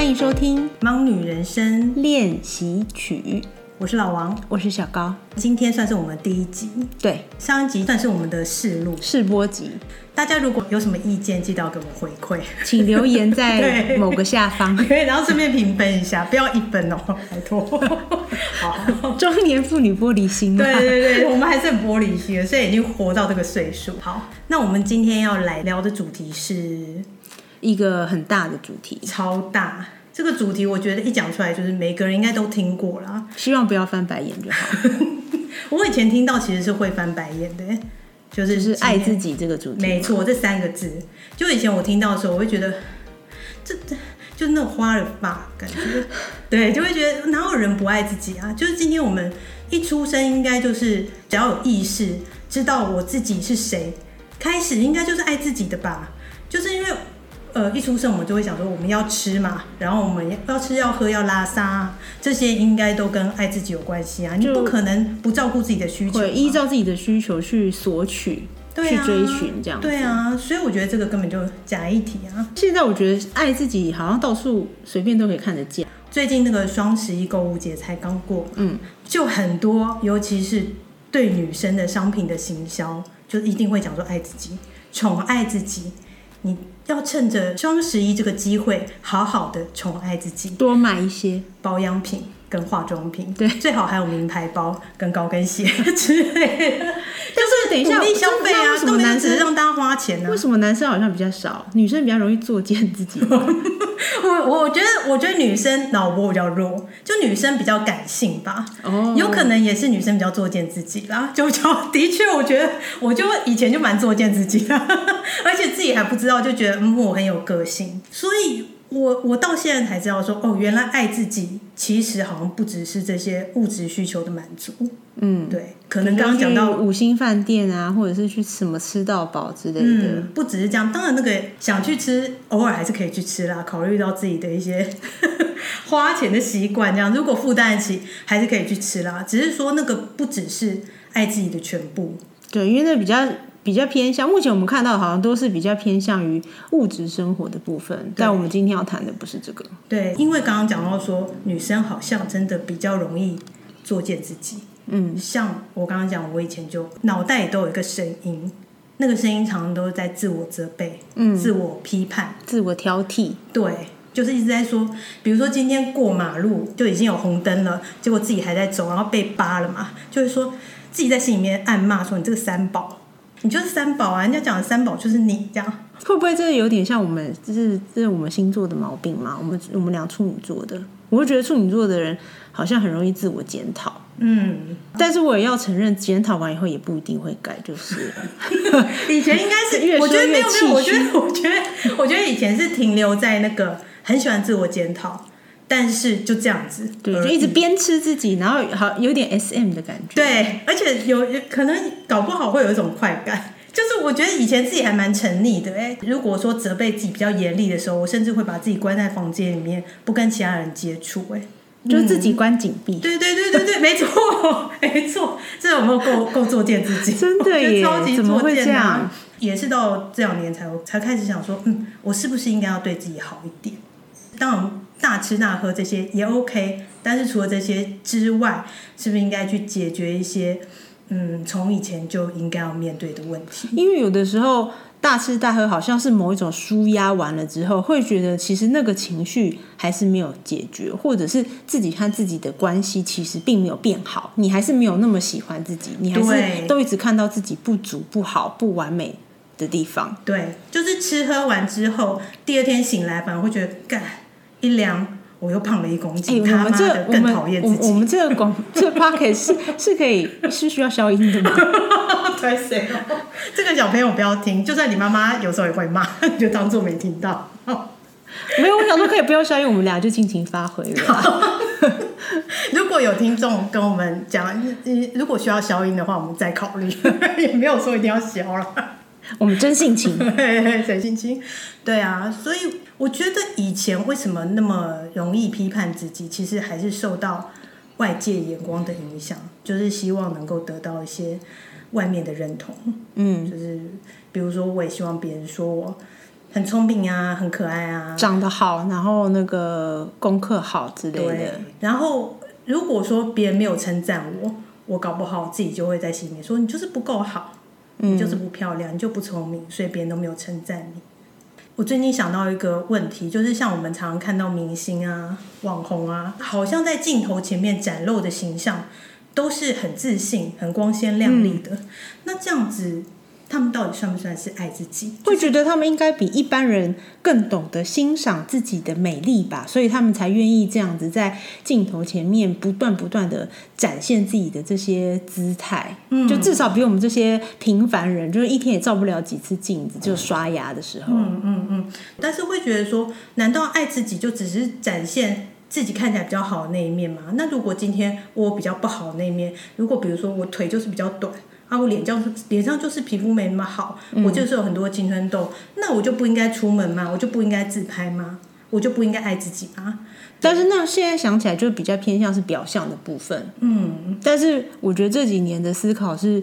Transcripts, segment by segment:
歡迎收聽《茫女人生練習曲》，我是老王，我是小高。今天算是我們第一集，對，上一集算是我們的試錄試播集。大家如果有什麼意見，記得要給我們回饋，請留言在某個下方可以，然後順便評分一下， 不要一分哦，拜託。 好，中年婦女玻璃心。對對對， 我們還是很玻璃心，所以已經活到這個歲數。好，那我們今天要來聊的主題是。一個很大的主題，超大。這個主題我覺得一講出來，就是每個人應該都聽過啦。希望不要翻白眼就好。 我以前聽到其實是會翻白眼的，就是就是愛自己這個主題，沒錯，這三個字。就以前我聽到的時候，我會覺得這這就，就那種花兒吧感覺， 對，就會覺得哪有人不愛自己啊？就是今天我們一出生，應該就是只要有意識，知道我自己是誰，開始應該就是愛自己的吧？就是因為。呃，一出生我們就會想說我們要吃嘛，然後我們要吃要喝要拉撒，這些應該都跟愛自己有關係啊。你不可能不照顧自己的需求，啊，依照自己的需求去索取，啊、去追尋這樣。對啊，所以我覺得這個根本就假議題啊。現在我覺得愛自己好像到處隨便都可以看得見。最近那個雙十一購物節才剛過，嗯，就很多，尤其是對女生的商品的行銷，就一定會講說愛自己，寵愛自己。你要趁着雙十一這個機會，好好的寵愛自己，多買一些保養品跟化妝品，對，最好還有名牌包跟高跟鞋之類的。就是，啊、但是等一下，消費啊，什麼男生是是讓大家花錢呢？啊？為什麼男生好像比較少，女生比較容易作踐自己？ 我我覺得，我覺得女生腦波比較弱，就女生比較感性吧。哦，oh. 有可能也是女生比較作踐自己啦。就就的確，我覺得我就以前就蠻作踐自己的，而且自己還不知道，就覺得我很有個性，所以。我我到現在才知道說，說哦，原來愛自己其實好像不只是這些物質需求的滿足。嗯，對，可能剛剛講到五星飯店啊，或者是去什麼吃到飽之類的，嗯，不只是這樣。當然，那個想去吃，偶爾還是可以去吃啦。考慮到自己的一些呵呵花錢的習慣，這樣如果負擔得起，還是可以去吃啦。只是說那個不只是愛自己的全部，對，因為那比較。比較偏向，目前我們看到的好像都是比較偏向於物質生活的部分，對但我們今天要談的不是這個。對，因為剛剛講到說，女生好像真的比較容易作賤自己。嗯，像我剛剛講，我以前就腦袋都有一個聲音，那個聲音常常都是在自我責備、嗯、自我批判、自我挑剔。對，就是一直在說，比如說今天過馬路就已經有紅燈了，結果自己還在走，然後被扒了嘛，就是說自己在心裡面暗罵說：“你這個三寶。”你就是三寶啊！人家講的三寶就是你這樣，會不會真的有點像我們？就是這、就是我們星座的毛病嘛？我們我們倆處女座的，我就覺得處女座的人好像很容易自我檢討。嗯，但是我也要承認，檢討完以後也不一定會改，就是。 以前應該是， 我覺得沒有沒有，我覺得我覺得我覺得，我覺得以前是停留在那個很喜歡自我檢討。但是就這樣子，就一直鞭笞自己，然後好有點 S M 的感覺。對，而且有可能搞不好會有一種快感。就是我覺得以前自己還蠻沉溺的，哎，如果說責備自己比較嚴厲的時候，我甚至會把自己關在房間裡面，不跟其他人接觸，哎，就自己關緊閉。對對對對對，對，沒錯，沒錯，這有沒有夠夠作踐自己？真的耶，怎麼會這樣？也是到這兩年才才開始想說，嗯，我是不是應該要對自己好一點？當然。大吃大喝這些也 OK，但是除了這些之外，是不是應該去解決一些嗯，從以前就應該要面對的問題？因為有的時候大吃大喝好像是某一種紓壓，完了之後，會覺得其實那個情緒還是沒有解決，或者是自己和自己的關係其實並沒有變好，你還是沒有那麼喜歡自己，你還是都一直看到自己不足、不好、不完美的地方。對，就是吃喝完之後，第二天醒來反而會覺得幹。一量我又胖了一公斤，欸、更討厭自己。我們這個廣這個 pocket 是 是可以是需要消音的嗎？ 對、哦？這個小朋友不要聽，就算你媽媽有時候也會罵，你就當做沒聽到。哦、沒有，我想說可以不要消音， 我們倆就盡情發揮、啊。 如果有聽眾跟我們講，你如果需要消音的話，我們再考慮。也沒有說一定要消了，我們真性情，真 性情。對啊，所以。我覺得以前為什麼那麼容易批判自己，其實還是受到外界眼光的影響，就是希望能夠得到一些外面的認同。嗯，就是比如說，我也希望別人說我很聰明啊，很可愛啊，長得好，然後那個功課好之類的。然後如果說別人沒有稱讚我，我搞不好自己就會在心裡說：“你就是不夠好，你、嗯、就是不漂亮，你就不聰明，所以別人都沒有稱讚你。”我最近想到一個問題，就是像我們常常看到明星啊、網紅啊，好像在鏡頭前面展露的形象都是很自信、很光鮮亮麗的。嗯。那這樣子。他們到底算不算是愛自己？就是、會覺得他們應該比一般人更懂得欣賞自己的美麗吧，所以他們才願意這樣子在鏡頭前面不斷不斷的展現自己的這些姿態。嗯，就至少比我們這些平凡人，就是一天也照不了幾次鏡子，就刷牙的時候。嗯嗯嗯。但是會覺得說，難道愛自己就只是展現自己看起來比較好的那一面嗎？那如果今天我比較不好的那一面，如果比如說我腿就是比較短。啊，我臉就是臉上就是皮膚沒那麼好，我就是有很多青春痘，嗯、那我就不應該出門嗎？我就不應該自拍嗎？我就不應該愛自己嗎？但是那現在想起來，就比較偏向是表象的部分。嗯，嗯，但是我覺得這幾年的思考是，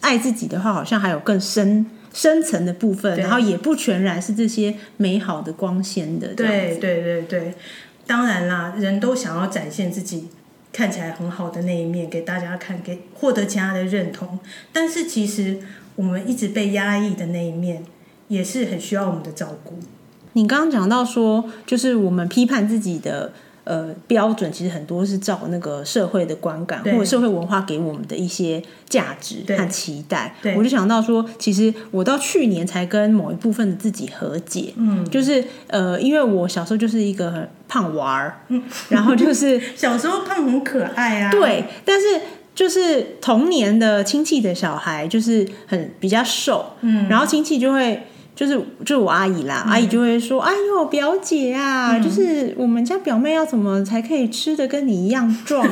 愛自己的話，好像還有更深深層的部分，對然後也不全然是這些美好的、光鮮的。對對對對，當然啦，人都想要展現自己。看起來很好的那一面給大家看，給獲得其他的認同，但是其實我們一直被壓抑的那一面也是很需要我們的照顧。你剛剛講到說，就是我們批判自己的呃，標準其實很多是照那個社會的觀感，對或者社會文化給我們的一些價值和期待。我就想到說，其實我到去年才跟某一部分的自己和解。嗯，就是呃，因為我小時候就是一個很胖娃兒，嗯，然後就是 小時候胖很可愛啊。對，但是就是童年的親戚的小孩就是很比較瘦，嗯，然後親戚就會。就是就是我阿姨啦，嗯、阿姨就會說：“哎呦，表姐啊，嗯、就是我們家表妹要怎麼才可以吃的跟你一樣壯？”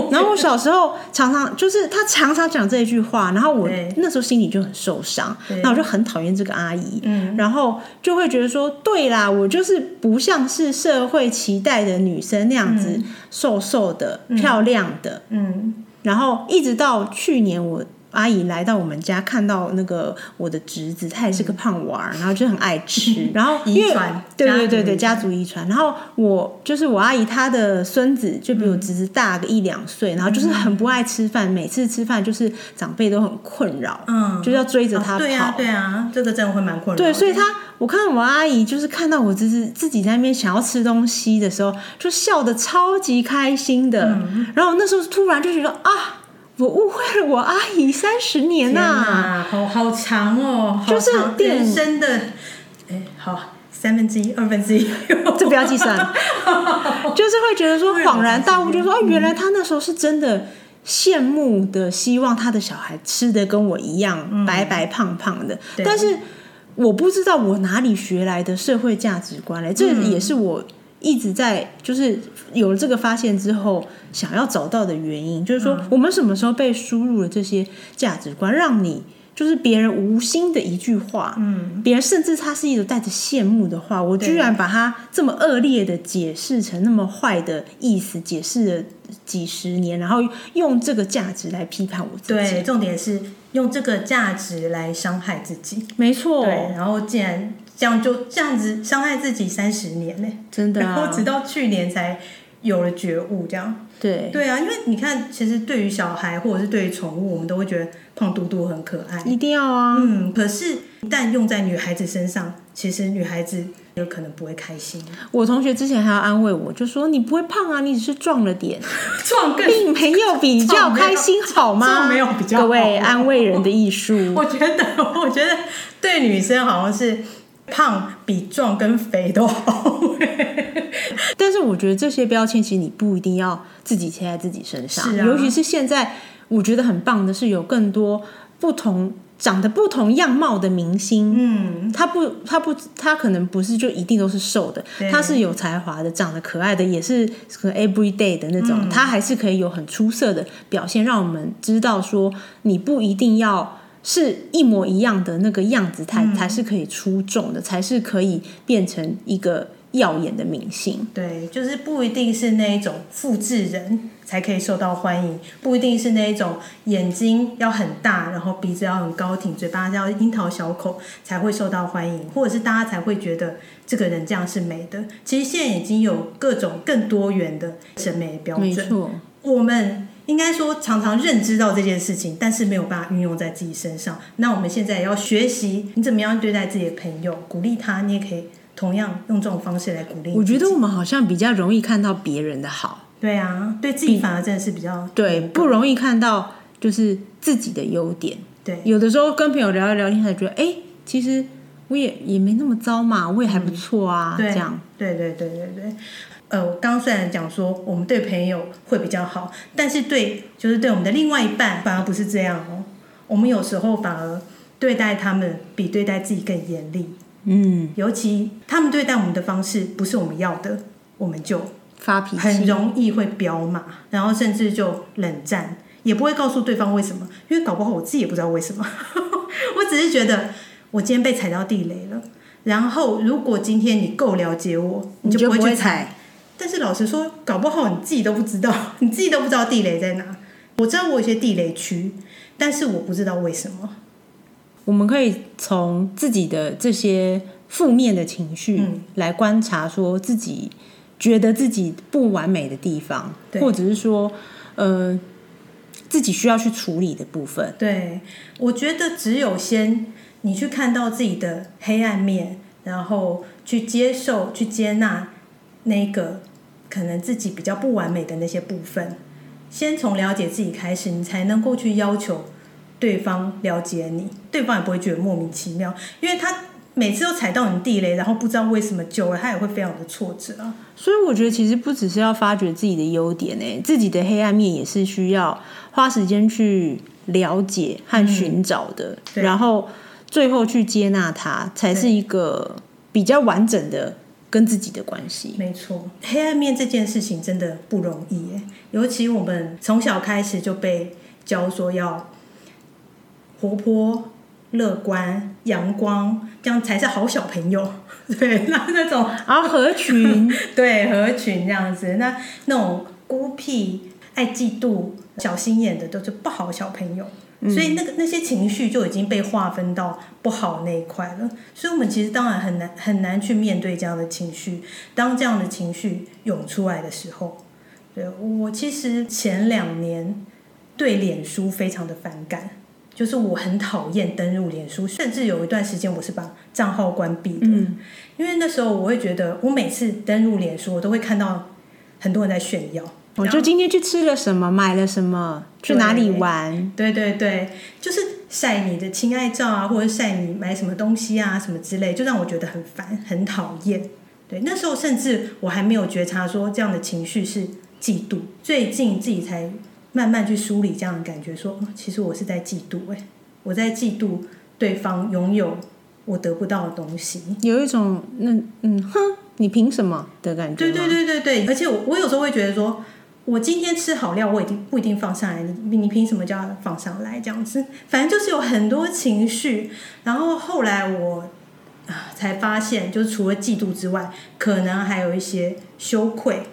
然後我小時候常常就是她常常講這一句話，然後我那時候心裡就很受傷，那對我就很討厭這個阿姨，嗯、然後就會覺得說：“對啦，我就是不像是社會期待的女生那樣子、嗯、瘦瘦的、嗯、漂亮的。”嗯，然後一直到去年我。阿姨來到我們家，看到那個我的侄子，他也是個胖娃兒，嗯、然後就很愛吃，然後遺傳，對對對，對家族遺傳。然後我就是我阿姨她的孫子，就比我侄子大個一兩歲，嗯、然後就是很不愛吃飯，每次吃飯就是長輩都很困擾，嗯，就要追着他跑、哦對啊，對啊，這個真的會蠻困擾。對，所以她我看我阿姨就是看到我侄子自己在那邊想要吃東西的時候，就笑得超級開心的。嗯、然後那時候突然就覺得啊。我誤會了我阿姨三十年吶、啊啊，好好長哦，好就是人生的哎對，好三分之一、二分之一，這不要計算， 就是會覺得說恍然大悟，對就說原來他那時候是真的羨慕的，希望他的小孩吃的跟我一樣、嗯、白白胖胖的，對但是我不知道我哪裡學來的社會價值觀呢，這個、也是我。嗯一直在就是有了這個發現之後，想要找到的原因，就是說我們什麼時候被輸入了這些價值觀，讓你就是別人無心的一句話，嗯，別人甚至他是一種帶着羨慕的話，我居然把它這麼惡劣的解釋成那麼壞的意思，解釋了幾十年，然後用這個價值來批判我自己，對，重點是用這個價值來傷害自己，沒錯，對，然後竟然。這樣就這樣子傷害自己三十年呢、欸，真的啊，然後直到去年才有了覺悟，這樣。對對啊，因為你看，其實對於小孩或者是對於寵物，我們都會覺得胖嘟嘟很可愛，一定要啊。嗯，可是一旦用在女孩子身上，其實女孩子有可能不會開心。我同學之前還要安慰我，就說你不會胖啊，你只是壯了點，壯 個並沒有比較開心好嗎？ 沒有比較，各位安慰人的藝術，我覺得，我覺得對女生好像是。胖比壯跟肥都好， 但是我覺得這些標籤其實你不一定要自己貼在自己身上。是啊、尤其是現在，我覺得很棒的是有更多不同長得不同樣貌的明星。嗯，他不，他不，他可能不是就一定都是瘦的，他對是有才華的，長得可愛的，也是 every day 的那種，他、嗯、還是可以有很出色的表現，讓我們知道說你不一定要。是一模一樣的那個樣子才，才、嗯、才是可以出眾的，才是可以變成一個耀眼的明星。對，就是不一定是那一種複製人才可以受到歡迎，不一定是那一種眼睛要很大，然後鼻子要很高挺，嘴巴要櫻桃小口才會受到歡迎，或者是大家才會覺得這個人這樣是美的。其實現在已經有各種更多元的審美標準。沒錯，我們。應該說常常認知到這件事情，但是沒有辦法運用在自己身上。那我們現在要學習你怎麼樣對待自己的朋友，鼓勵他，你也可以同樣用這種方式來鼓勵。我覺得我們好像比較容易看到別人的好，對啊，對自己反而真的是比較比對不容易看到就是自己的優點。對，有的時候跟朋友聊一聊天才覺得，哎，其實我也也沒那麼糟嘛，我也還不錯啊，嗯、對這樣。對對對對對。呃，我剛剛雖然講說我們對朋友會比較好，但是對就是對我們的另外一半反而不是這樣哦。我們有時候反而對待他們比對待自己更嚴厲，嗯，尤其他們對待我們的方式不是我們要的，我們就發脾氣，很容易會飆罵，然後甚至就冷戰，也不會告訴對方為什麼，因為搞不好我自己也不知道為什麼， 我只是覺得我今天被踩到地雷了。然後如果今天你夠了解我，你就不會去踩。但是老實說，搞不好你自己都不知道，你自己都不知道地雷在哪。我知道我有些地雷區，但是我不知道為什麼。我們可以從自己的這些負面的情緒來觀察，說自己覺得自己不完美的地方，嗯、對，或者是說，呃，自己需要去處理的部分。對，我覺得只有先你去看到自己的黑暗面，然後去接受、去接納那個。可能自己比較不完美的那些部分，先從了解自己開始，你才能夠去要求對方了解你，對方也不會覺得莫名其妙，因為他每次都踩到你地雷，然後不知道為什麼，久了，他也會非常的挫折啊。所以我覺得，其實不只是要發掘自己的優點、欸、自己的黑暗面也是需要花時間去了解和尋找的，然後最後去接納它，才是一個比較完整的。跟自己的關係，沒錯，黑暗面這件事情真的不容易耶。尤其我們從小開始就被教說要活潑、樂觀、陽光，這樣才是好小朋友。對，那那種啊合群， 對，合群這樣子，那那種孤僻、愛嫉妒、小心眼的，都是不好小朋友。所以那個那些情緒就已經被劃分到不好那一塊了，所以我們其實當然很難很難去面對這樣的情緒。當這樣的情緒湧出來的時候，對，我其實前兩年對臉書非常的反感，就是我很討厭登入臉書，甚至有一段時間我是把賬號關閉的，嗯、因為那時候我會覺得我每次登入臉書，我都會看到很多人在炫耀。我就今天去吃了什麼，買了什麼，去哪裡玩？對對對，就是曬你的親愛照啊，或者曬你買什麼東西啊，什麼之類，就讓我覺得很煩，很討厭。對，那時候甚至我還沒有覺察，說這樣的情緒是嫉妒。最近自己才慢慢去梳理這樣的感覺，說，其實我是在嫉妒。欸，我在嫉妒對方擁有我得不到的東西，有一種那嗯哼，你憑什麼的感覺？對對對對對，而且我我有時候會覺得說。我今天吃好料，我已經不一定放上來。你你憑什麼叫他放上來？這樣子，反正就是有很多情緒。然後後來我啊才發現，就是除了嫉妒之外，可能還有一些羞愧，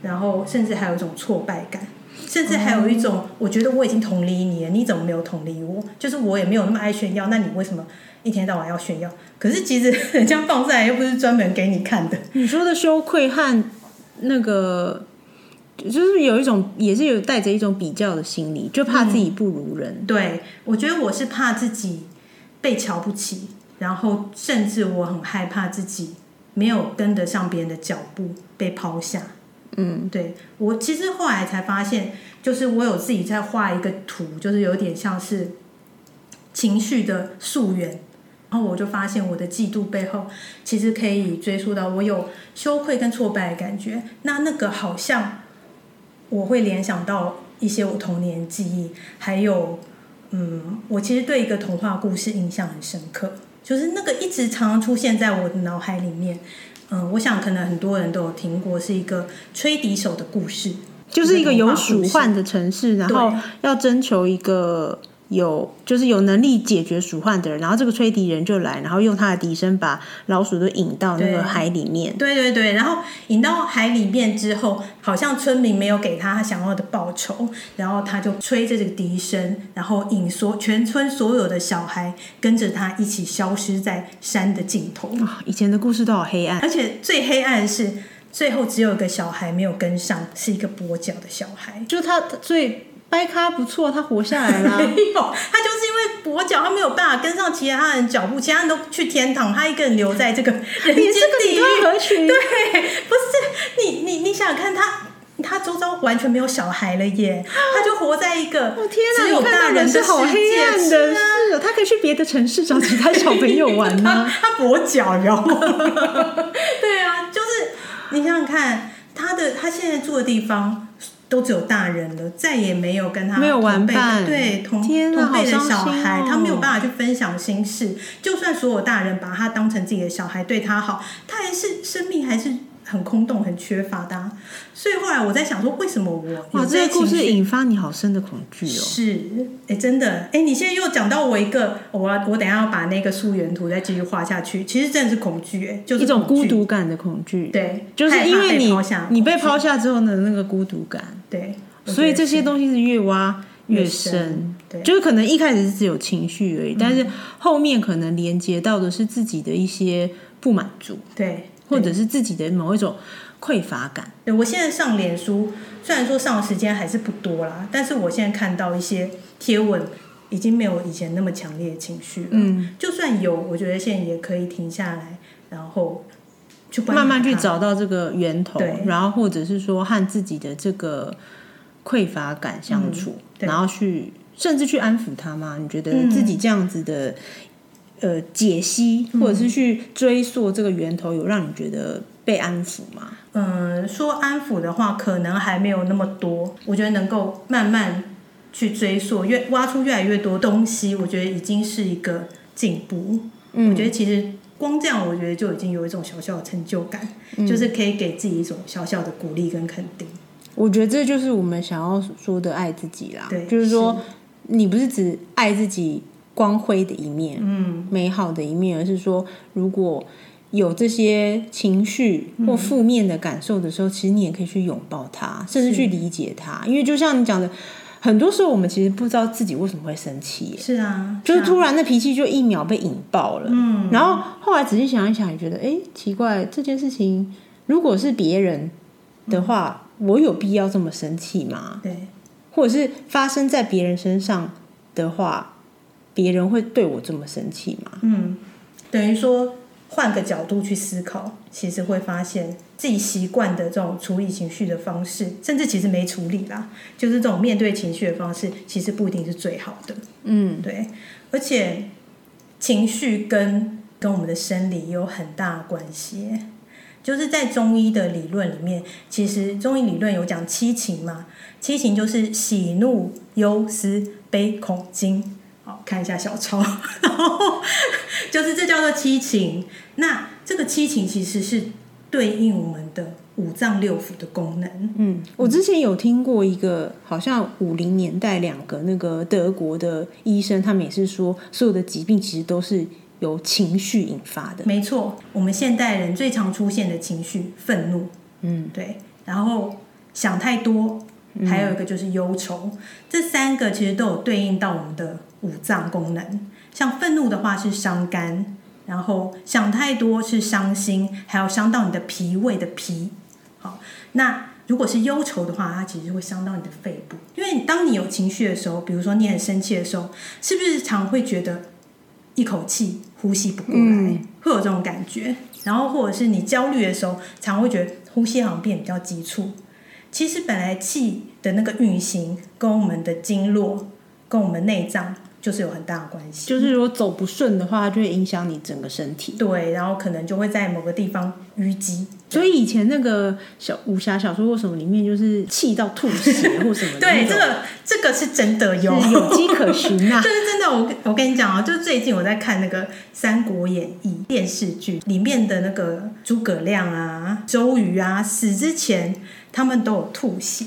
然後甚至還有一種挫敗感，甚至還有一種我覺得我已經同理你了，你怎麼沒有同理我？就是我也沒有那麼愛炫耀，那你為什麼一天到晚要炫耀？可是其實人家放上來又不是專門給你看的。你說的羞愧和那個。就是有一種，也是有帶着一種比較的心理，就怕自己不如人。嗯，對，我覺得我是怕自己被瞧不起，然後甚至我很害怕自己沒有跟得上別人的腳步，被拋下。嗯，對，我其實後來才發現，就是我有自己在畫一個圖，就是有點像是情緒的溯源。然後我就發現我的嫉妒背後，其實可以追溯到我有羞愧跟挫敗的感覺。那那個好像。我會聯想到一些我童年記憶，還有，嗯，我其實對一個童話故事印象很深刻，就是那個一直常常出現在我的腦海裡面。嗯，我想可能很多人都有聽過，是一個吹笛手的故事，就是一個有鼠患的城市，對然後要徵求一個。有就是有能力解決鼠患的人，然後這個吹笛人就來，然後用他的笛聲把老鼠都引到那個海裡面對、啊。對對對，然後引到海裡面之後，好像村民沒有給他他想要的報酬，然後他就吹着這個笛聲，然後引所全村所有的小孩跟着他一起消失在山的盡頭。哦，以前的故事都好黑暗，而且最黑暗的是最後只有一個小孩沒有跟上，是一個跛腳的小孩，就他最。掰咖不錯，他活下來了。沒有，他就是因為跛腳，他沒有辦法跟上其他人腳步。其他人都去天堂，他一個人留在這個人間地獄。對，不是你你你想想看，他他周遭完全沒有小孩了耶，他、哦、就活在一個只有大人的世界。哦、天啊、是好黑暗的。他呢可以去別的城市找其他小朋友玩嗎、啊？他跛 腳，然後 對啊，就是你想想看，他的他現在住的地方。都只有大人了，再也沒有跟他同輩的對同哪同輩的小孩，喔、他沒有辦法去分享心事。就算所有大人把他當成自己的小孩，對他好，他還是生命還是。很空洞，很缺乏的，啊，所以後來我在想說，為什麼我哇？這個故事引發你好深的恐懼哦、喔！是，哎、欸，真的，哎、欸，你現在又講到我一個，我、哦啊、我等下要把那個溯源圖再繼續畫下去。其實真的是恐懼，哎，就是一種孤獨感的恐懼。對，就是因為你你被拋下之後呢，那個孤獨感。對，所以這些東西是越挖越深。越深對，就是可能一開始是只有情緒而已，嗯、但是後面可能連接到的是自己的一些不滿足。對。對或者是自己的某一種匱乏感。對我現在上臉書，雖然說上的時間還是不多啦，但是我現在看到一些貼文，已經沒有以前那麼強烈的情緒了。嗯，就算有，我覺得現在也可以停下來，然後慢慢去找到這個源頭，對然後或者是說和自己的這個匱乏感相處，嗯、然後去甚至去安撫他嗎？你覺得自己這樣子的？嗯呃，解析或者是去追溯這個源頭，嗯、有讓你覺得被安撫嗎？嗯，說安撫的話，可能還沒有那麼多。我覺得能夠慢慢去追溯，越挖出越來越多東西，我覺得已經是一個進步。嗯，我覺得其實光這樣，我覺得就已經有一種小小的成就感，嗯、就是可以給自己一種小小的鼓勵跟肯定。我覺得這就是我們想要說的愛自己啦。對，就是說是你不是只愛自己，光輝的一面，嗯，美好的一面，嗯、而是說，如果有這些情緒或負面的感受的時候，嗯、其實你也可以去擁抱它，甚至去理解它。是因為就像你講的，很多時候我們其實不知道自己為什麼會生氣。啊，是啊，就是突然的脾氣就一秒被引爆了，嗯，然後後來仔細想一想，也覺得，哎、欸，奇怪，這件事情如果是別人的話，嗯、我有必要這麼生氣嗎？對，或者是發生在別人身上的話。別人會對我這麼生氣嗎？嗯，等於說換個角度去思考，其實會發現自己習慣的這種處理情緒的方式，甚至其實沒處理啦，就是這種面對情緒的方式，其實不一定是最好的。嗯，對，而且情緒跟跟我們的生理有很大關係，就是在中醫的理論裡面，其實中醫理論有講七情嘛，七情就是喜怒憂思悲恐驚。好，看一下小抄，然後就是這叫做七情。那這個七情其實是對應我們的五臟六腑的功能。嗯，我之前有聽過一個，好像五零年代兩個那個德國的醫生，他們也是說，所有的疾病其實都是由情緒引發的。沒錯，我們現代人最常出現的情緒，憤怒，嗯，對，然後想太多，還有一個就是憂愁，嗯、這三個其實都有對應到我們的。五臟功能，像憤怒的話是傷肝，然後想太多是傷心，還有傷到你的脾胃的脾。好，那如果是憂愁的話，它其實會傷到你的肺部，因為當你有情緒的時候，比如說你很生氣的時候，是不是常會覺得一口氣呼吸不過來，嗯、會有這種感覺？然後或者是你焦慮的時候，常會覺得呼吸好像變比較急促。其實本來氣的那個運行，跟我們的經絡，跟我們內臟。就是有很大的關係，就是如果走不順的話，就會影響你整個身體。對，然後可能就會在某個地方淤積。所以以前那個小武俠小說，為什麼裡面就是氣到吐血或什麼？ 對，這個這個是真的有有跡可循啊。這是真的我，我我跟你講啊，就是最近我在看那個《三國演義》電視劇裡面的那個諸葛亮啊、周瑜啊，死之前他們都有吐血。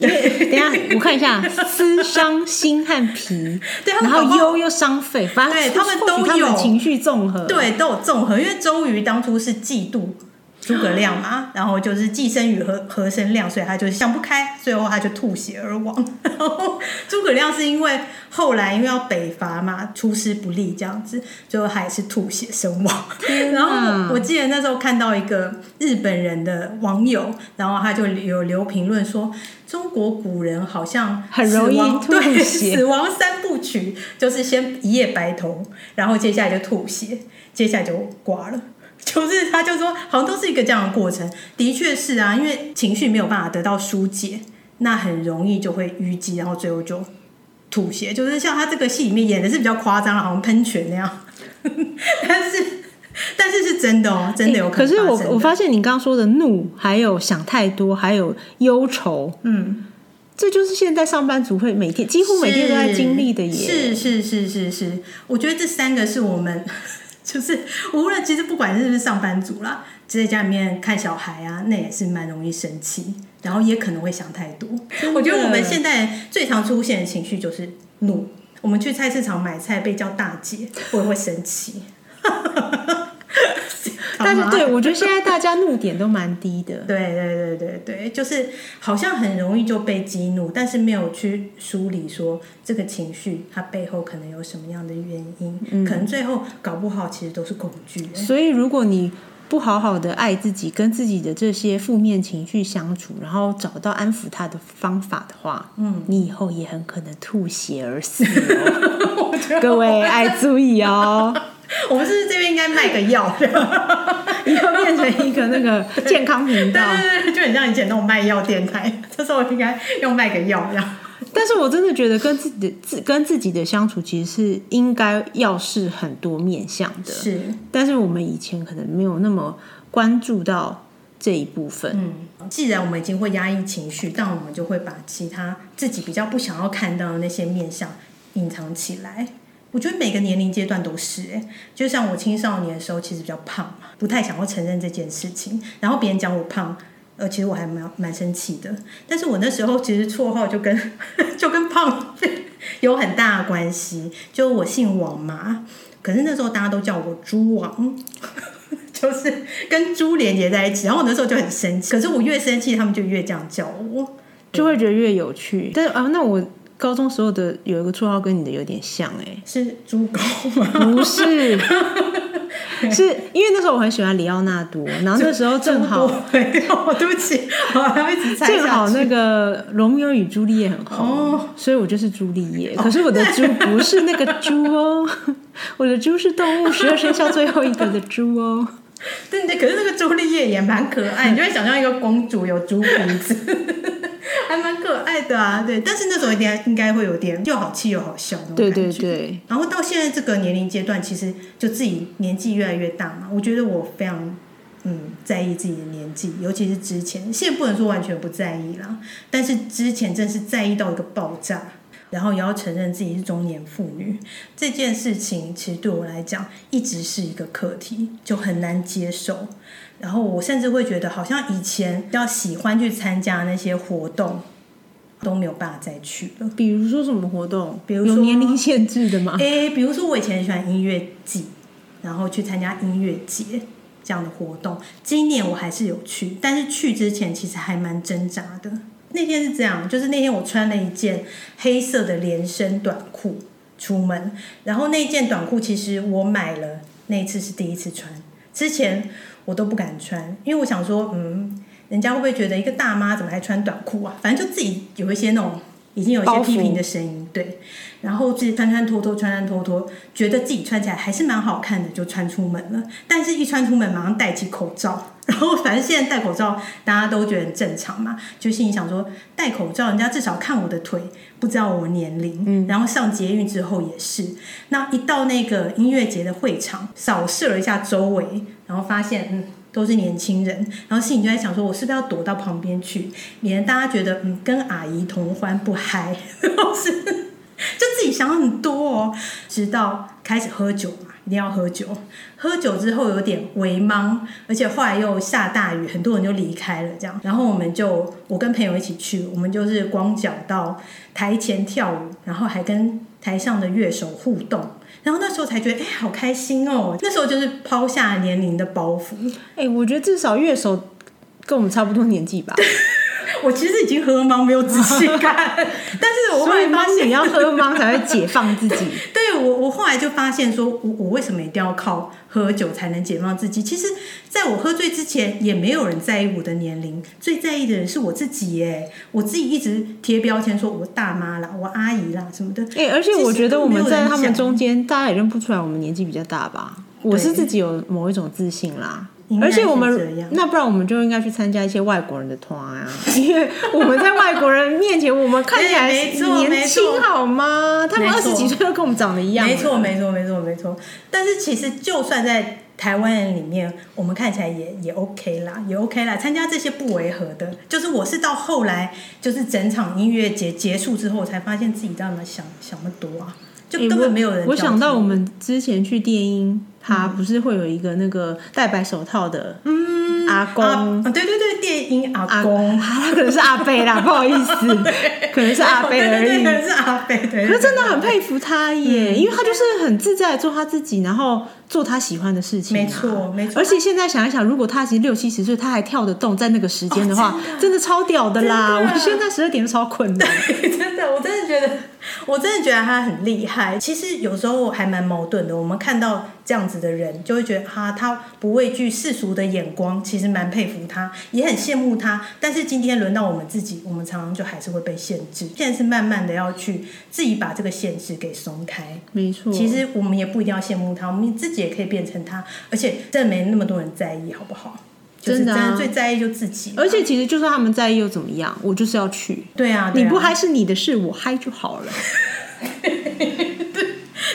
對，等一下我看一下，思傷心和脾，然後憂又傷肺，反正他，他們都有情緒綜合，對都有綜合，因為周瑜當初是嫉妒。諸葛亮嘛，然後就是既生瑜，何何生亮，所以他就想不開，最後他就吐血而亡。然後諸葛亮是因為後來因為要北伐嘛，出師不利這樣子，最後還是吐血身亡。嗯啊、然後我記得那時候看到一個日本人的網友，然後他就有留評論說，中國古人好像很容易吐血，死亡三部曲就是先一夜白頭，然後接下來就吐血，接下來就掛了。就是，他就說，好像都是一個這樣的過程。的確是啊，因為情緒沒有辦法得到疏解，那很容易就會淤積，然後最後就吐血。就是像他這個戲裡面演的是比較誇張了，好像噴泉那樣。 但是，但是是真的哦，真的有可能的，欸。可是我我發現你剛剛說的怒，還有想太多，還有憂愁，嗯，這就是現在上班族會每天幾乎每天都在經歷的耶，也，是是是是是。我覺得這三個是我們。就是無論其實不管是不是上班族啦，就在家裡面看小孩啊，那也是蠻容易生氣，然後也可能會想太多。我覺，所以我覺得我們現在最常出現的情緒就是怒。我們去菜市場買菜被叫大姐，我會，會生氣。 但是對，對 我覺得現在大家怒點都蠻低的。對對對對對，就是好像很容易就被激怒，但是沒有去梳理說這個情緒它背後可能有什麼樣的原因，嗯、可能最後搞不好其實都是恐懼。所以，如果你不好好的愛自己，跟自己的這些負面情緒相處，然後找到安撫他的方法的話，嗯，你以後也很可能吐血而死，哦。 就各位，愛注意哦。 我們是不是這邊應該賣個藥， 以後變成一個那個健康頻道，對對對，就很像以前那種賣藥電台。這時候應該要賣個藥這樣。但是我真的覺得跟自己的、自跟自己的相處，其實是應該要是很多面向的。是，但是我們以前可能沒有那麼關注到這一部分。嗯，既然我們已經會壓抑情緒，但我們就會把其他自己比較不想要看到的那些面向隱藏起來。我覺得每個年齡階段都是哎，就像我青少年的時候，其實比較胖嘛，不太想要承認這件事情。然後別人講我胖，呃，其實我還蠻蠻生氣的。但是我那時候其實綽號就跟就跟胖有很大的關係，就我姓王嘛，可是那時候大家都叫我豬王，就是跟豬連接在一起。然後我那時候就很生氣，可是我越生氣，他們就越這樣叫我，就會覺得越有趣。但啊，那我。高中時候的有一個綽號跟你的有點像哎，欸，是豬狗嗎？不是， 對 是因為那時候我很喜歡李奧納多，然後那時候正好，欸，對不起，我，哦，還要一直猜。正好那個《羅密歐與朱麗葉》很紅，哦，所以我就是朱麗葉。哦，可是我的豬不是那個豬，喔，哦， 我的豬是動物十二生肖最後一個的豬哦，喔。對，可是那個朱麗葉也蠻可愛，你就會想象一個公主有豬鼻子。 還蠻可愛的啊，對，但是那種一點應該會有點又好氣又好笑的那種感覺，對對對。然後到現在這個年齡階段，其實就自己年紀越來越大嘛，我覺得我非常嗯在意自己的年紀，尤其是之前，現在不能說完全不在意啦，但是之前真是在意到一個爆炸。然後也要承認自己是中年婦女這件事情，其實對我來講一直是一個課題，就很難接受。然後我甚至會覺得，好像以前要喜歡去參加那些活動，都沒有辦法再去了。比如說什麼活動？比如說有年齡限制的嗎？誒、欸，比如說我以前喜歡音樂節，然後去參加音樂節這樣的活動，今年我還是有去，但是去之前其實還蠻掙扎的。那天是這樣，就是那天我穿了一件黑色的連身短褲出門，然後那件短褲其實我買了，那次是第一次穿。之前我都不敢穿，因為我想說，嗯，人家會不會覺得一個大媽怎麼還穿短褲啊？反正就自己有一些那種已經有一些批評的聲音，對。然後自己穿穿脫脫，穿穿脫脫，覺得自己穿起來還是蠻好看的，就穿出門了。但是一穿出門馬上戴起口罩，然後反正現在戴口罩大家都覺得很正常嘛。就心裡想說戴口罩，人家至少看我的腿，不知道我年齡。嗯，然後上捷運之後也是，那一到那個音樂節的會場，掃視了一下周圍，然後發現嗯都是年輕人，然後心裡就在想說，我是不是要躲到旁邊去，免得大家覺得嗯跟阿姨同歡不嗨，然後是。就自己想很多哦，直到開始喝酒嘛，一定要喝酒。喝酒之後有點微茫，而且後來又下大雨，很多人就離開了。這樣，然後我們就我跟朋友一起去，我們就是光腳到台前跳舞，然後還跟台上的樂手互動。然後那時候才覺得，哎、欸，好開心哦！那時候就是拋下年齡的包袱。哎、欸，我覺得至少樂手跟我們差不多年紀吧。我其實已經喝茫沒有自信感， 但是我會發現你要喝茫才會解放自己。 對，我我後來就發現說，我我為什麼一定要靠喝酒才能解放自己？其實，在我喝醉之前，也沒有人在意我的年齡，最在意的人是我自己耶。我自己一直貼標籤，說我大媽啦，我阿姨啦什麼的。欸、而且我覺得我們在他們中間，大家也認不出來我們年紀比較大吧？我是自己有某一種自信啦。而且我們那不然我們就應該去參加一些外國人的團啊， 因為我們在外國人面前， 我們看起來年輕好嗎？沒錯，他們二十幾歲都跟我們長得一樣沒錯。沒錯，沒錯，沒錯，沒錯。但是其實就算在台灣人裡面，我們看起來也也 OK 啦，也 OK 啦。參加這些不違和的，就是我是到後來，就是整場音樂節結結束之後，我才發現自己這麼想想的多啊，就根本沒有人，欸。我想到我們之前去電音。他不是會有一個那個戴白手套的？嗯。阿公、啊，對對對，電音阿公，他、啊、可能是阿伯啦，不好意思， 對可能是阿伯而已，對對對對可能是阿伯。對對對對可是真的很佩服他耶，嗯、因為他就是很自在做他自己，然後做他喜歡的事情。沒錯，沒錯。而且現在想一想，啊、如果他其實六七十歲，他還跳得動，在那個時間的話，哦、真的，真的超屌的啦！真的我現在十二點都超困的。真的，我真的覺得，我真的覺得他很厲害。其實有時候我還蠻矛盾的，我們看到這樣子的人，就會覺得哈、啊，他不畏懼世俗的眼光。其實蠻佩服他，也很羨慕他。但是今天輪到我們自己，我們常常就還是會被限制。現在是慢慢的要去自己把這個限制給鬆開。沒錯，其實我們也不一定要羨慕他，我們自己也可以變成他。而且真的沒那麼多人在意，好不好？就是真的最在意就自己。而且其實就算他們在意又怎麼樣？我就是要去。對啊。對啊。你不嗨是你的事，我嗨就好了。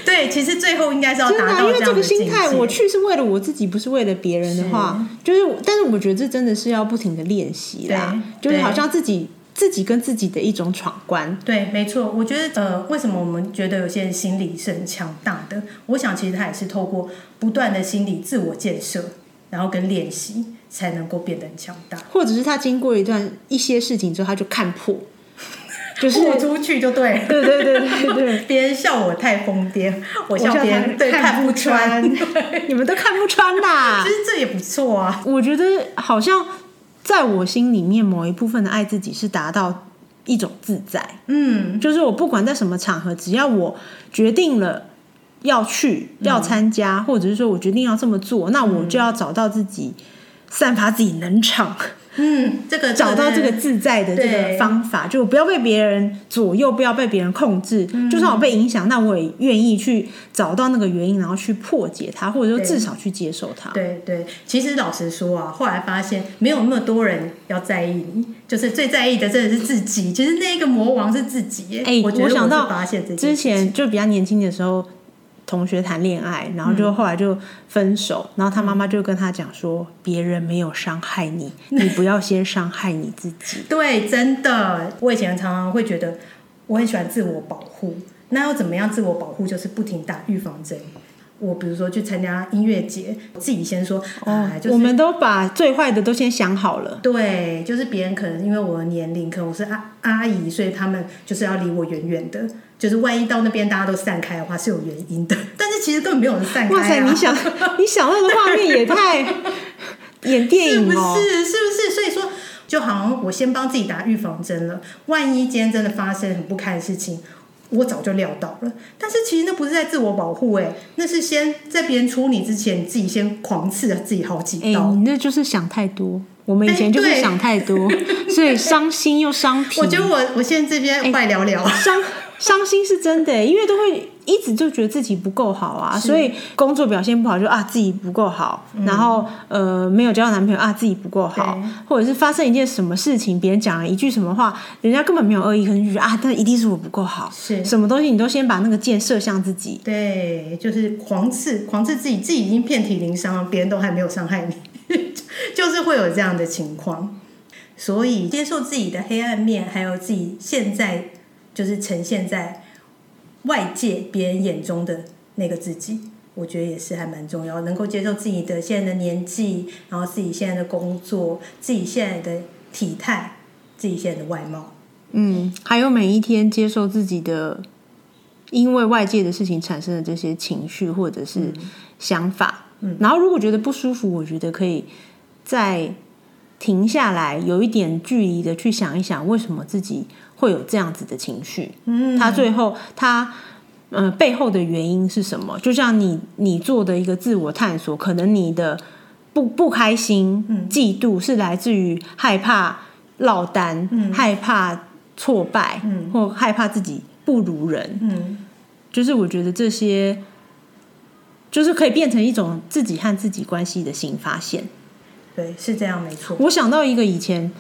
對，其實最後應該是要達到這樣。因為這個心態，我去是為了我自己，不是為了別人的話，是就是。但是我覺得這真的是要不停的練習啦。對就是好像自己對自己跟自己的一種闖關。對，沒錯。我覺得，呃，為什麼我們覺得有些人心理是很強大的？我想，其實他也是透過不斷的心理自我建設，然後跟練習，才能夠變得很強大。或者是他經過一段一些事情之後，他就看破。就豁出去就對，對對，對對對對對，別人笑我太瘋癲，我笑別人看不穿。對，看不穿對，你們都看不穿吧？其實 這也不錯啊。我覺得好像在我心裡面，某一部分的愛自己是達到一種自在。嗯，就是我不管在什麼場合，只要我決定了要去，要參加，嗯、或者是說我決定要這麼做，那我就要找到自己，嗯、散發自己能場。嗯，這個找到這個自在的這個方法，對，就不要被別人左右，不要被別人控制。嗯、就算我被影響，那我也願意去找到那個原因，然後去破解它，或者說至少去接受它。對，對，對，其實老實說啊，後來發現沒有那麼多人要在意你，就是最在意的真的是自己。其實那個魔王是自己，哎、欸，我，我，我想到之前就比較年輕的時候。同學談戀愛，然後就後來就分手，嗯、然後他媽媽就跟他講說：“嗯、別人沒有傷害你，你不要先傷害你自己。” 對，真的，我以前常常會覺得我很喜歡自我保護，那要怎麼樣自我保護？就是不停打預防針。我比如說去參加音樂節，自己先說：“哦，就是、我們都把最壞的都先想好了。”對，就是別人可能因為我的年齡，可能我是阿阿姨，所以他們就是要離我遠遠的。就是萬一到那邊大家都散開的話，是有原因的。但是其實根本沒有人散開。啊、哇塞，你想你想那個畫面也太 對 演電影了，哦，是不是？是不是？所以說，就好像我先幫自己打預防針了。萬一今天真的發生很不堪的事情，我早就料到了。但是其實那不是在自我保護，哎，那是先在別人出你之前，你自己先狂刺了自己好幾刀。欸，你那就是想太多。我們以前就是想太多，欸、所以傷心又傷，我覺得我我現在這邊壞聊聊傷、欸。傷心是真的，因為都會一直就覺得自己不夠好啊，是所以工作表現不好就啊自己不夠好，嗯、然後呃沒有交到男朋友啊自己不夠好，對或者是發生一件什麼事情，別人講了一句什麼話，人家根本沒有惡意，跟你啊，但一定是我不夠好，是什麼東西你都先把那個箭射向自己，對，就是狂刺狂刺自己，自己已經遍體鱗傷了，別人都還沒有傷害你， 就是會有這樣的情況，所以接受自己的黑暗面，還有自己現在。就是呈現在外界別人眼中的那個自己，我覺得也是還蠻重要。能夠接受自己的現在的年紀，然後自己現在的工作，自己現在的體態，自己現在的外貌，嗯，還有每一天接受自己的，因為外界的事情產生的這些情緒或者是想法，嗯，嗯，然後如果覺得不舒服，我覺得可以再停下來，有一點距離的去想一想，為什麼自己。會有這樣子的情緒，嗯，他最後他，嗯、呃，背後的原因是什麼？就像你你做的一個自我探索，可能你的不不開心、嗯、嫉妒是來自於害怕落單，嗯、害怕挫敗，嗯，或害怕自己不如人，嗯，就是我覺得這些，就是可以變成一種自己和自己關係的新發現，對，是這樣，沒錯。我想到一個以前。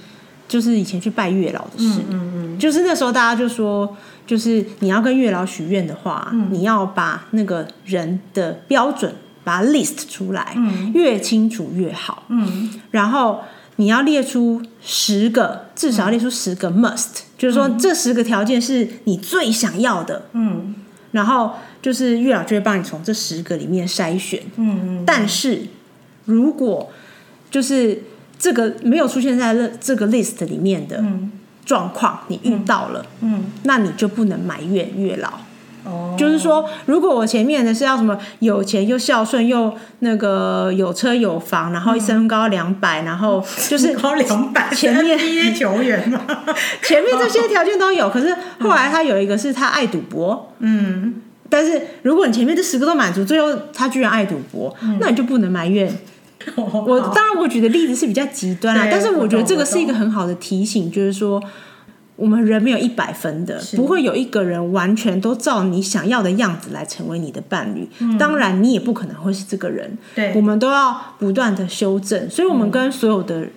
就是以前去拜月老的事，嗯嗯嗯、就是那時候大家就說，就是你要跟月老許願的話，嗯、你要把那個人的標準把它 list 出來，嗯、越清楚越好。嗯，然後你要列出十個，至少要列出十個 must，嗯、就是說這十個條件是你最想要的。嗯，然後就是月老就會幫你從這十個裡面篩選嗯。嗯，但是如果就是。這個沒有出現在這個 list 裡面的狀況，你遇到了，嗯，那你就不能埋怨月老。哦，就是說，如果我前面的是要什麼有錢又孝順又那個有車有房，然後身高兩百、嗯，然後就是高兩百前面這些高面球員嘛， 前面這些條件都有，可是後來他有一個是他愛賭博，嗯，但是如果你前面這十個都滿足，最後他居然愛賭博，嗯、那你就不能埋怨。哦、我當然，我舉的例子是比較極端啊。對但是我覺得這個是一個很好的提醒，就是說我，我，我們人沒有一百分的，是不會有一個人完全都照你想要的樣子來成為你的伴侶。嗯、當然，你也不可能會是這個人。對，我們都要不斷的修正，所以我們跟所有的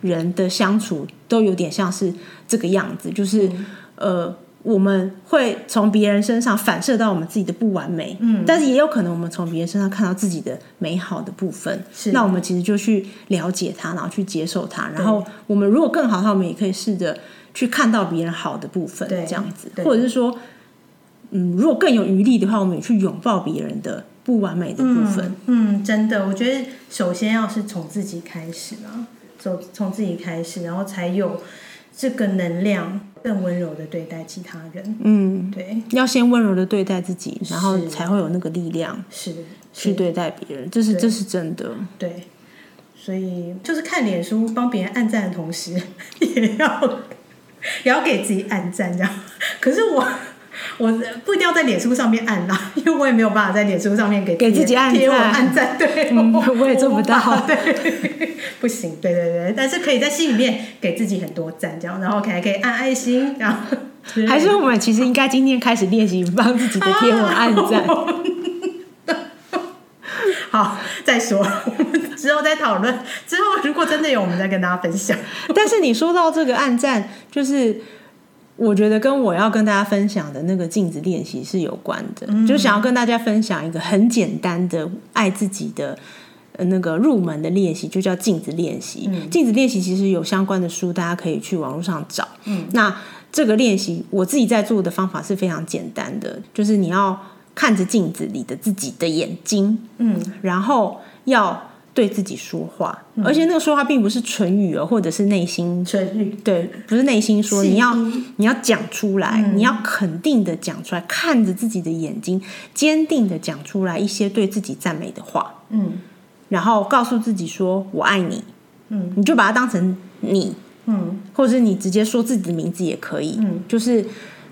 人的相處都有點像是這個樣子，就是、嗯、呃。我們會從別人身上反射到我們自己的不完美，嗯，但是也有可能我們從別人身上看到自己的美好的部分，是的那我們其實就去了解他，然後去接受他，對然後我們如果更好的話，我們也可以試着去看到別人好的部分，對這樣子，對或者是說，嗯，如果更有餘力的話，我們也去擁抱別人的不完美的部分，嗯，嗯，真的，我覺得首先要是從自己開始啊，從從自己開始，然後才有。這個能量更溫柔的對待其他人，嗯，對，要先溫柔的對待自己，是然後才會有那個力量，是去對待別人，是這是對這是真的，對，所以就是看臉書幫別人按讚的同時，也要也要給自己按讚，這樣。可是我。我不一定要在臉書上面按啦，因為我也沒有辦法在臉書上面給給自己按讚，貼文按讚。嗯、對、哦，我也做不到，不，對，不行，對對對，但是可以在心裡面給自己很多讚，這樣，然後可還可以按愛心，這樣。還是我們其實應該今天開始練習幫自己的貼文按讚？啊、 好，再說之後再討論，之後如果真的有，我們再跟大家分享。但是你說到這個按讚，就是。我覺得跟我要跟大家分享的那個鏡子練習是有關的，嗯、就想要跟大家分享一個很簡單的愛自己的那個入門的練習，就叫鏡子練習。嗯、鏡子練習其實有相關的書，大家可以去網絡上找。嗯、那這個練習我自己在做的方法是非常簡單的，就是你要看着鏡子裡的自己的眼睛，嗯，然後要。對自己說話，嗯、而且那個說話並不是唇語哦，或者是內心唇語。對，不是內心說，細你要你要講出來，嗯、你要肯定的講出來，看着自己的眼睛，堅定的講出來一些對自己讚美的話。嗯，然後告訴自己說我愛你。嗯，你就把它當成你。嗯，或者是你直接說自己的名字也可以。嗯，就是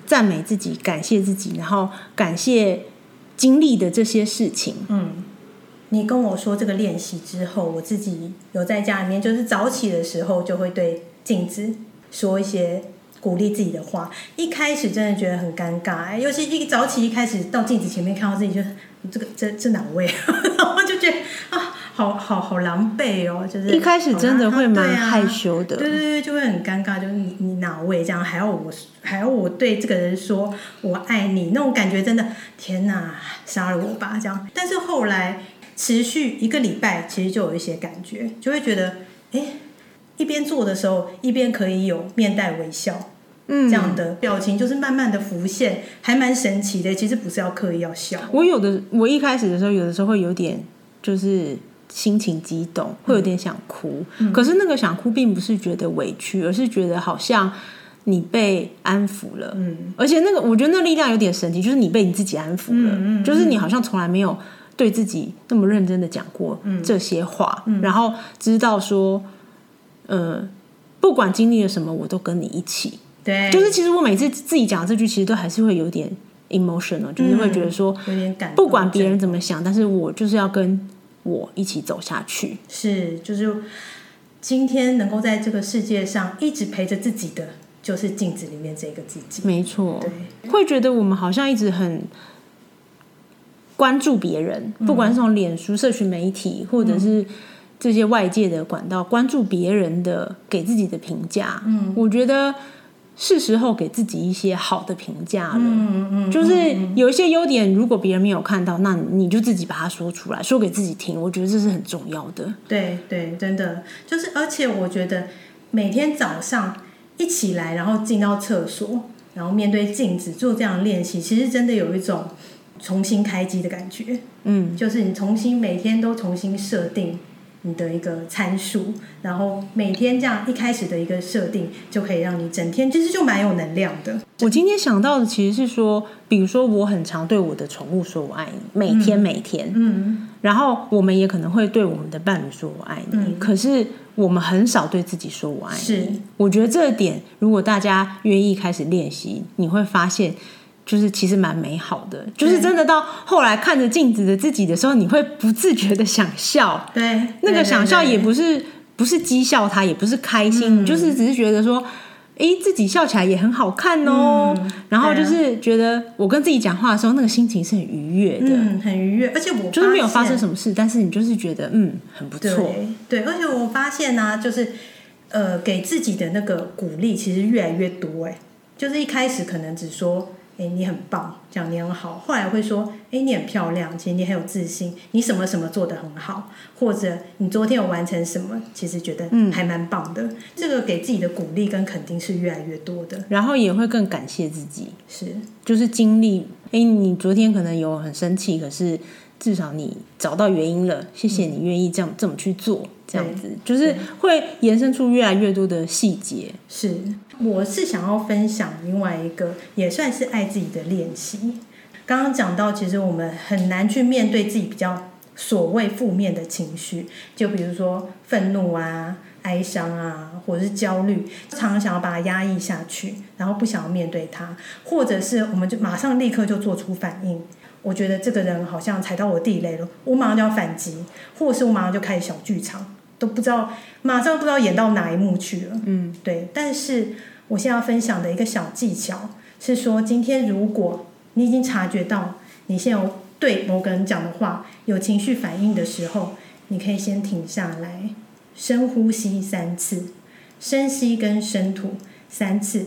讚美自己，感謝自己，然後感謝經歷的這些事情。嗯。你跟我說這個練習之後，我自己有在家裡面，就是早起的時候就會對鏡子說一些鼓勵自己的話。一開始真的覺得很尷尬、欸，尤其一早起一開始到鏡子前面看到自己就，就這個這這哪位？我 就覺得啊，好好好，好狼狽哦，就是一開始真的會蠻害羞的、啊對啊，對對對，就會很尷尬，就是你，你哪位這樣？還要我還要我對這個人說我愛你，那種感覺真的天哪、啊，殺了我吧這樣。但是後來。持續一個禮拜，其實就有一些感覺，就會覺得，哎，一邊做的時候，一邊可以有面帶微笑，嗯，這樣的表情就是慢慢的浮現，還蠻神奇的。其實不是要刻意要笑。我有的，我一開始的時候，有的時候會有點，就是心情激動，會有點想哭。嗯，可是那個想哭，並不是覺得委屈，而是覺得好像你被安撫了。嗯，而且那個，我覺得那力量有點神奇，就是你被你自己安撫了，嗯，就是你好像從來沒有。對自己那麼認真的講過這些話，嗯嗯、然後知道說，呃，不管經歷了什麼，我都跟你一起。對，就是其實我每次自己講這句，其實都還是會有點 emotional，就是會覺得說，嗯、有點感。不管別人怎麼想，但是我就是要跟我一起走下去。是，就是今天能夠在這個世界上一直陪着自己的，就是鏡子裡面這個自己。沒錯，對，會覺得我們好像一直很。關注別人，不管是從臉書、社群媒體，嗯，或者是這些外界的管道，關注別人的給自己的評價，嗯，我覺得是時候給自己一些好的評價了。嗯嗯嗯，嗯嗯，就是有一些優點，如果別人沒有看到，那你就自己把它說出來，說給自己聽。我覺得這是很重要的。對對，真的，就是而且我覺得每天早上一起來，然後進到廁所，然後面對鏡子做這樣的練習，其實真的有一種。重新開機的感覺，嗯，就是你重新每天都重新設定你的一個參數，然後每天這樣一開始的一個設定就可以讓你整天，其實就蠻有能量的。我今天想到的其實是說，比如說我很常對我的寵物說“我愛你”，每天每天，嗯，嗯。然後我們也可能會對我們的伴侶說“我愛你”，嗯。可是我們很少對自己說“我愛你”是。是我覺得這一點，如果大家願意開始練習，你會發現。就是其實蠻美好的，對就是真的到後來看着鏡子的自己的時候，你會不自覺的想笑。對，那個想笑也不是對對對，不是譏笑他，也不是開心，嗯、就是只是覺得說，哎、欸，自己笑起來也很好看哦、喔。嗯、然後就是覺得我跟自己講話的時候，啊、那個心情是很愉悅的，嗯，很愉悅。而且我就是沒有發生什麼事，但是你就是覺得嗯，很不錯。對，而且我發現呢、啊，就是呃給自己的那個鼓勵其實越來越多、欸，哎，就是一開始可能只說。誒、欸，你很棒，講你很好。後來會說，誒、欸，你很漂亮，其實你很有自信，你什麼什麼做得很好，或者你昨天有完成什麼，其實覺得還蠻棒的。嗯、這個給自己的鼓勵跟肯定是越來越多的，然後也會更感謝自己，是就是經歷。誒、欸，你昨天可能有很生氣，可是至少你找到原因了，謝謝你願意這樣、嗯、這麼去做，這樣子、嗯、就是會延伸出越來越多的細節，是。我是想要分享另外一個也算是愛自己的練習。剛剛講到，其實我們很難去面對自己比較所謂負面的情緒，就比如說憤怒啊、哀傷啊，或者是焦慮，常常想要把它壓抑下去，然後不想要面對它，或者是我們就馬上立刻就做出反應。我覺得這個人好像踩到我地雷了，我馬上就要反擊，或者是我馬上就開始小劇場。都不知道，馬上不知道演到哪一幕去了。嗯，對。但是我現在要分享的一個小技巧是說，今天如果你已經察覺到你現在有對某個人講的話有情緒反應的時候，你可以先停下來，深呼吸三次，深吸跟深吐三次。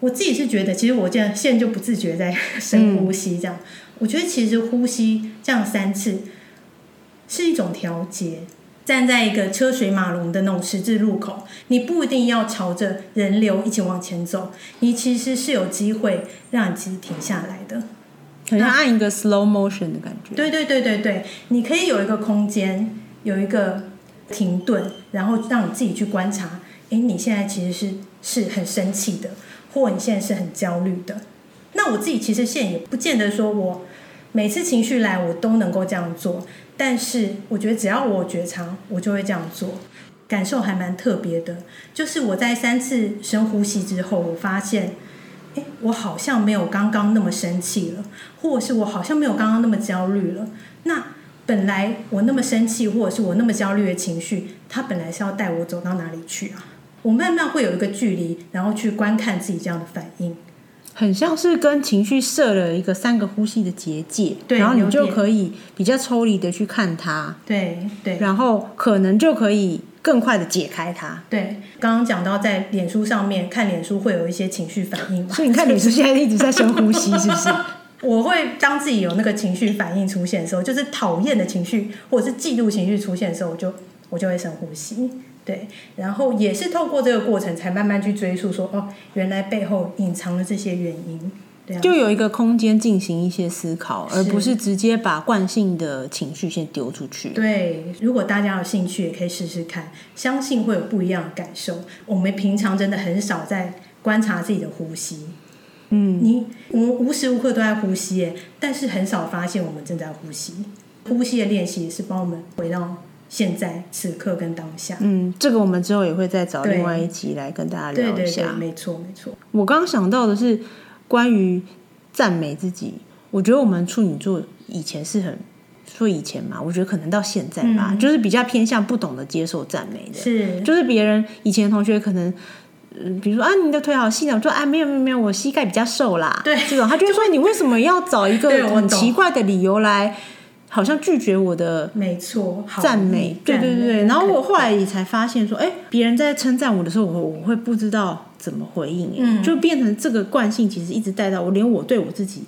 我自己是覺得，其實我現在現在就不自覺在深呼吸，這樣。嗯。我覺得其實呼吸這樣三次是一種調節。站在一個車水馬龍的那種十字路口，你不一定要朝着人流一起往前走，你其實是有機會讓你其實停下來的，好、嗯、後像按一個 slow motion 的感覺。對對對對對，你可以有一個空間，有一個停頓，然後讓你自己去觀察，誒，你現在其實是是很生氣的，或你現在是很焦慮的。那我自己其實現在也不見得說我每次情緒來我都能夠這樣做。但是我覺得，只要我覺察，我就會這樣做。感受還蠻特別的，就是我在三次深呼吸之後，我發現誒，我好像沒有剛剛那麼生氣了，或者是我好像沒有剛剛那麼焦慮了。那本來我那麼生氣，或者是我那麼焦慮的情緒，它本來是要帶我走到哪裡去啊？我慢慢會有一個距離，然後去觀看自己這樣的反應。很像是跟情緒設了一個三個呼吸的結界，對然後你就可以比較抽離的去看它，對對，對然後可能就可以更快的解開它。對，剛剛講到在臉書上面看臉書會有一些情緒反應吧，所以你看臉書現在一直在深呼吸，是不是？ 我會當自己有那個情緒反應出現的時候，就是討厭的情緒或者是嫉妒情緒出現的時候，我就我就會深呼吸。對，然後也是透過這個過程，才慢慢去追溯說，哦，原來背後隱藏了這些原因。對，就有一個空間進行一些思考，是而不是直接把慣性的情緒先丟出去。對，如果大家有興趣，也可以試試看，相信會有不一樣的感受。我們平常真的很少在觀察自己的呼吸。嗯，你我們無時無刻都在呼吸欸，但是很少發現我們正在呼吸。呼吸的練習也是幫我們回到現在、此刻跟當下，嗯，這個我們之後也會再找另外一集來跟大家聊一下。對對對對沒錯，沒錯。我剛想到的是關於讚美自己，我覺得我們處女座以前是很，說以前嘛，我覺得可能到現在吧，嗯、就是比較偏向不懂得接受讚美的是，就是別人以前的同學可能，嗯、呃，比如說啊，你的腿好細啊，我說啊，沒有沒有沒有，我膝蓋比較瘦啦，對，這種他就會說，你為什麼要找一個很奇怪的理由來。好像拒絕我的，沒錯，讚美，好的，對對對，嗯，然後我後來也才發現說，哎，嗯，別人在稱讚我的時候，我我會不知道怎麼回應欸，嗯，就變成這個慣性，其實一直帶到我，連我對我自己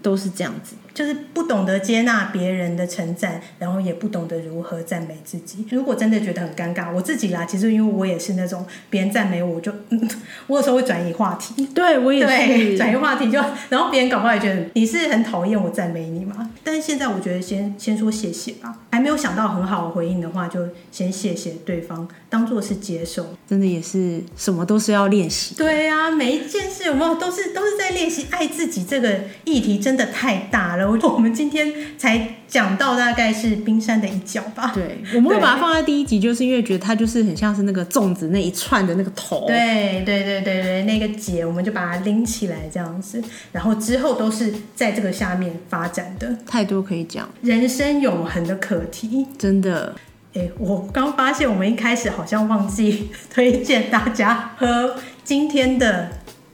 都是這樣子。就是不懂得接納別人的稱讚，然後也不懂得如何讚美自己。如果真的覺得很尷尬，我自己啦，其實因為我也是那種別人讚美我，我就、嗯，我有時候會轉移話題。對，我也是轉移話題就，就然後別人搞不好也覺得你是很討厭我讚美你嘛。但是現在我覺得先先說謝謝吧。還沒有想到很好的回應的話，就先謝謝對方，當做是接受。真的也是，什麼都是要練習。對呀，啊，每一件事有沒有都是都是在練習愛自己這個議題，真的太大了。我我們今天才講到大概是冰山的一角吧。對，我們會把它放在第一集，就是因為覺得它就是很像是那個粽子那一串的那個頭。對對對對對對那個結，我們就把它拎起來這樣子，然後之後都是在這個下面發展的。太多可以講，人生永恆的課題。真的，哎，我剛發現我們一開始好像忘記推薦大家喝今天的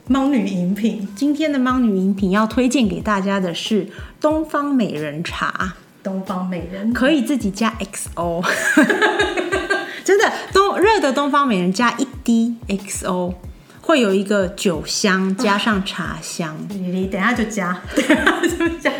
茫女飲品。今天的茫女飲品要推薦給大家的是東方美人茶。東方美人可以自己加 XO， 真的東熱的東方美人加一滴 XO，會有一個酒香加上茶香。哦、你等下就加，就加，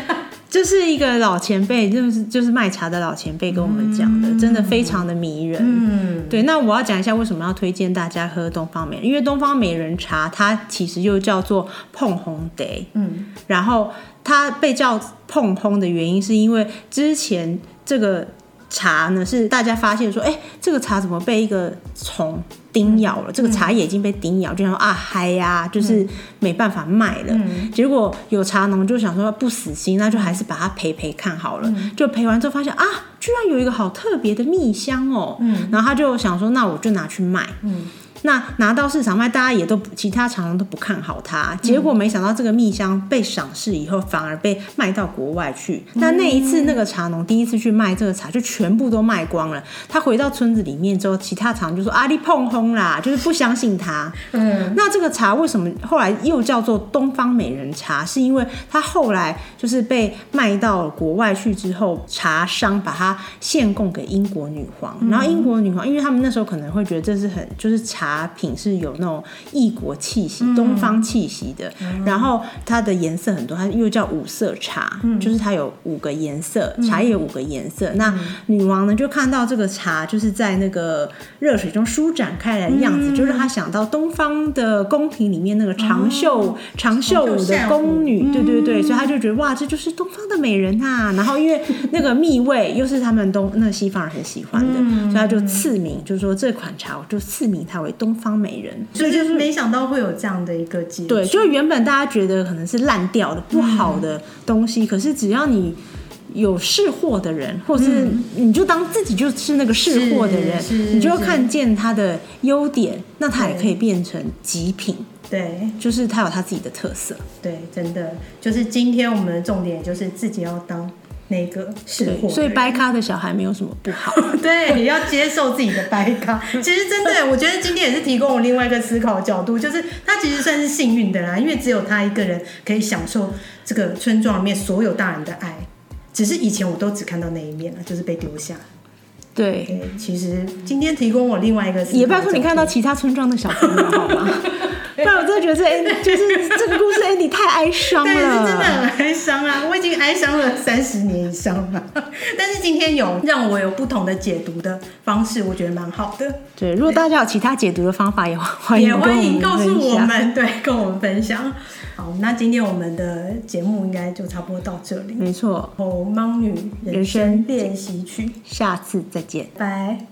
就是一個老前輩，就是就是賣茶的老前輩跟我們講的，嗯、真的非常的迷人。嗯，對，那我要講一下為什麼要推薦大家喝東方美人，因為東方美人茶它其實就叫做膨風茶、嗯、然後。它被叫膨風的原因，是因為之前這個茶呢，是大家發現說，哎、欸，這個茶怎麼被一個蟲叮咬了？嗯、這個茶也已經被叮咬，就想說啊嗨呀，ya, 就是沒辦法賣了。嗯、結果有茶農就想說不死心，那就還是把它焙焙看好了。嗯、就焙完之後發現啊，居然有一個好特別的蜜香哦，嗯、然後他就想說，那我就拿去賣。嗯那拿到市場賣，大家也都其他茶農都不看好它。結果沒想到這個蜜香被賞識以後，反而被賣到國外去。那那，那一次，那個茶農第一次去賣這個茶，就全部都賣光了。他回到村子裡面之後，其他茶農就說：“阿、啊、你膨風啦！”就是不相信他。嗯，那這個茶為什麼後來又叫做東方美人茶？是因為他後來就是被賣到國外去之後，茶商把它獻貢給英國女皇。嗯、然後英國女皇，因為他們那時候可能會覺得這是很就是茶。茶品是有那種異國氣息、東方氣息的，然後它的顏色很多，它又叫五色茶，就是它有五個顏色，茶葉有五個顏色。那女王呢，就看到這個茶就是在那個熱水中舒展開來的樣子，就讓她想到東方的宮廷裡面那個長袖長袖舞的宮女，對對對，所以她就覺得哇，這就是東方的美人啊。然後因為那個蜜味又是他們東那個西方人很喜歡的，所以她就賜名，就是說這款茶，我就賜名它為東。東方美人，所以就是沒想到會有這樣的一個結果。對，就原本大家覺得可能是爛掉的、不好的東西，嗯、可是只要你有識貨的人，或是你就當自己就是那個識貨的人，嗯、你，就就你就要看見它的優點，那它也可以變成極品對。對，就是它有它自己的特色。對，真的就是今天我們的重點就是自己要當。那個是？所以掰咖的小孩沒有什麼不好， 對，你要接受自己的掰咖。其實真的，我覺得今天也是提供我另外一個思考角度，就是他其實算是幸運的啦，因為只有他一個人可以享受這個村莊裡面所有大人的愛。只是以前我都只看到那一面了，就是被丟下。對，okay, 其實今天提供我另外一個，也包括你看到其他村莊的小朋友，好嗎？ 但我真的覺得，哎、欸，就是這個故事，哎，你太哀傷了。對，是真的很哀傷啊，我已經哀傷了三十年以上了。但是今天有讓我有不同的解讀的方式，我覺得蠻好的。對，如果大家有其他解讀的方法，對也歡迎也歡迎告訴我們，對，跟我們分享。好，那今天我們的節目應該就差不多到這裡。沒錯錯，茫女人生練習曲，下次再見，拜。